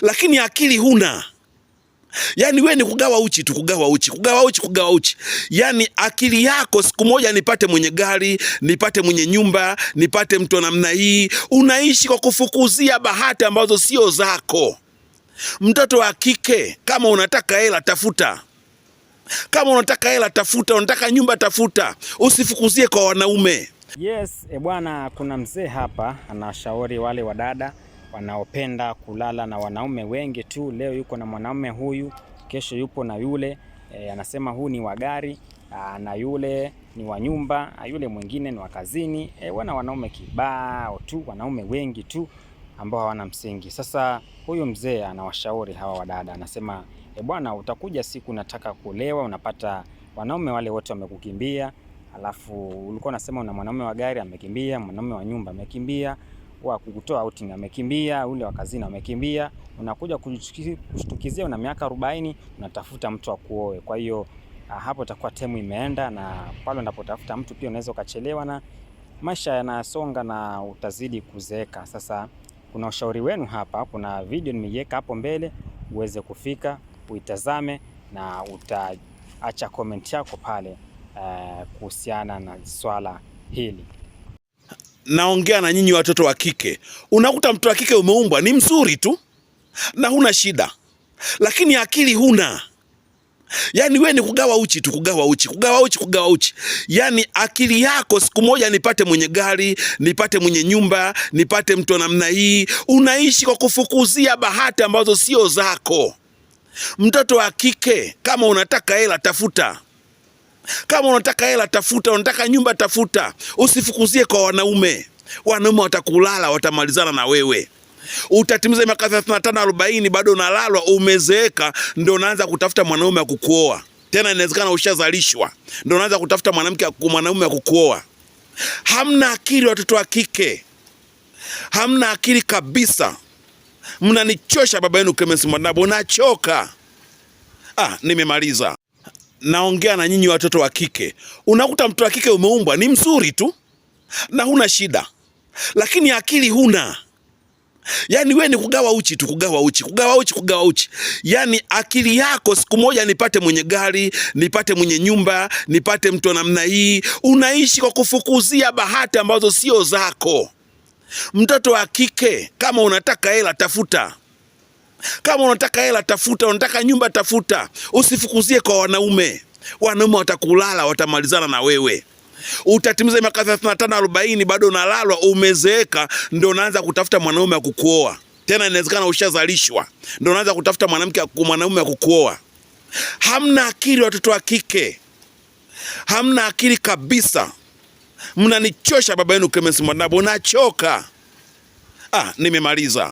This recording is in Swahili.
lakini akili huna. Yaani we ni kugawa uchi tu, kugawa uchi, kugawa uchi, kugawa uchi. Yaani akili yako, siku moja nipate mwenye gari, nipate mwenye nyumba, nipate mtu wa namna hii. Unaishi kwa kufukuzia bahati ambazo sio zako. Mtoto wa kike, kama unataka hela tafuta, kama unataka hela tafuta, unataka nyumba tafuta, usifukuzie kwa wanaume. Yes, e bwana, kuna mzee hapa anashauri wale wadada wanaopenda kulala na wanaume wengi tu. Leo yuko na mwanaume huyu, kesho yupo na yule e, anasema huu ni wa gari na yule ni wa nyumba, yule mwingine ni wa kazini e, wana wanaume kibao tu, wanaume wengi tu ambao hawana msingi. Sasa huyu mzee anawashauri hawa wadada, anasema e, bwana, utakuja siku nataka kulewa, unapata wanaume wale wote wamekukimbia, alafu ulikuwa unasema una mwanaume wa gari amekimbia, mwanaume wa nyumba amekimbia wa kukutoa outing amekimbia, ule wa kazini amekimbia, unakuja kushtukizia una miaka 40 unatafuta mtu akuoe. Kwa hiyo ah, hapo itakuwa temu imeenda, na pale unapotafuta mtu pia unaweza ukachelewa, na maisha yanasonga na utazidi kuzeeka. Sasa kuna ushauri wenu hapa, kuna video nimeiweka hapo mbele uweze kufika uitazame, na utaacha comment yako pale eh, kuhusiana na swala hili naongea na nyinyi watoto wa kike, unakuta mtoto wa kike umeumbwa ni mzuri tu na huna shida, lakini akili huna. Yani we ni kugawa uchi tu, kugawa uchi, kugawa uchi, kugawa uchi. Yani akili yako, siku moja nipate mwenye gari, nipate mwenye nyumba, nipate mtu namna hii. Unaishi kwa kufukuzia bahati ambazo sio zako. Mtoto wa kike, kama unataka hela, tafuta kama unataka hela tafuta, unataka nyumba tafuta, usifukuzie kwa wanaume. Wanaume watakulala, watamalizana na wewe. Utatimiza miaka tano arobaini bado unalalwa, umezeeka, ndo unaanza kutafuta mwanaume wa kukuoa tena. Inawezekana ushazalishwa, ndo unaanza kutafuta mwanamke, mwanaume wa kukuoa. Hamna akili, watoto wa kike, hamna akili kabisa. Mnanichosha. Baba yenu Clemence Mwandambo, nachoka. Ah, nimemaliza naongea na nyinyi watoto wa kike, unakuta mtoto wa kike umeumbwa ni mzuri tu na huna shida, lakini akili huna. Yani we ni kugawa uchi tu, kugawa uchi, kugawa uchi, kugawa uchi. Yani akili yako, siku moja nipate mwenye gari, nipate mwenye nyumba, nipate mtu namna hii. Unaishi kwa kufukuzia bahati ambazo sio zako. Mtoto wa kike, kama unataka hela, tafuta kama unataka hela tafuta, unataka nyumba tafuta, usifukuzie kwa wanaume. Wanaume watakulala, watamalizana na wewe. Utatimiza miaka 35 40, bado unalalwa, umezeeka, ndio unaanza kutafuta mwanaume wa kukuoa tena. Inawezekana ushazalishwa, ndio unaanza kutafuta mwanamke, mwanaume wa kukuoa. Hamna akili, watoto wa kike, hamna akili kabisa. Mnanichosha. Baba yenu Clemence Mwanabo, nachoka. Ah, nimemaliza.